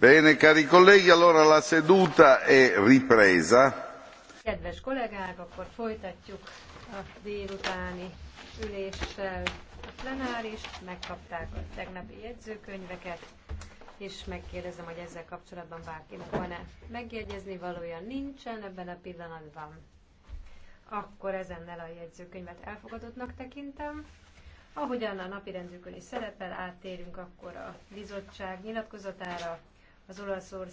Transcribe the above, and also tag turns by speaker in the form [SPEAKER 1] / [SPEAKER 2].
[SPEAKER 1] Bene, cari colleghi, allora la seduta è ripresa.
[SPEAKER 2] Kedves kollégák, akkor folytatjuk a délutáni üléssel a plenáris, megkapták a tegnapi jegyzőkönyveket, és megkérdezem, hogy ezzel kapcsolatban bárkinek van-e megjegyezni valója nincsen ebben a pillanatban. Akkor ezennel a jegyzőkönyvet elfogadottnak tekintem. Ahogyan a napirendünkön is szerepel, áttérünk akkor a bizottság nyilatkozatára, az Olaszország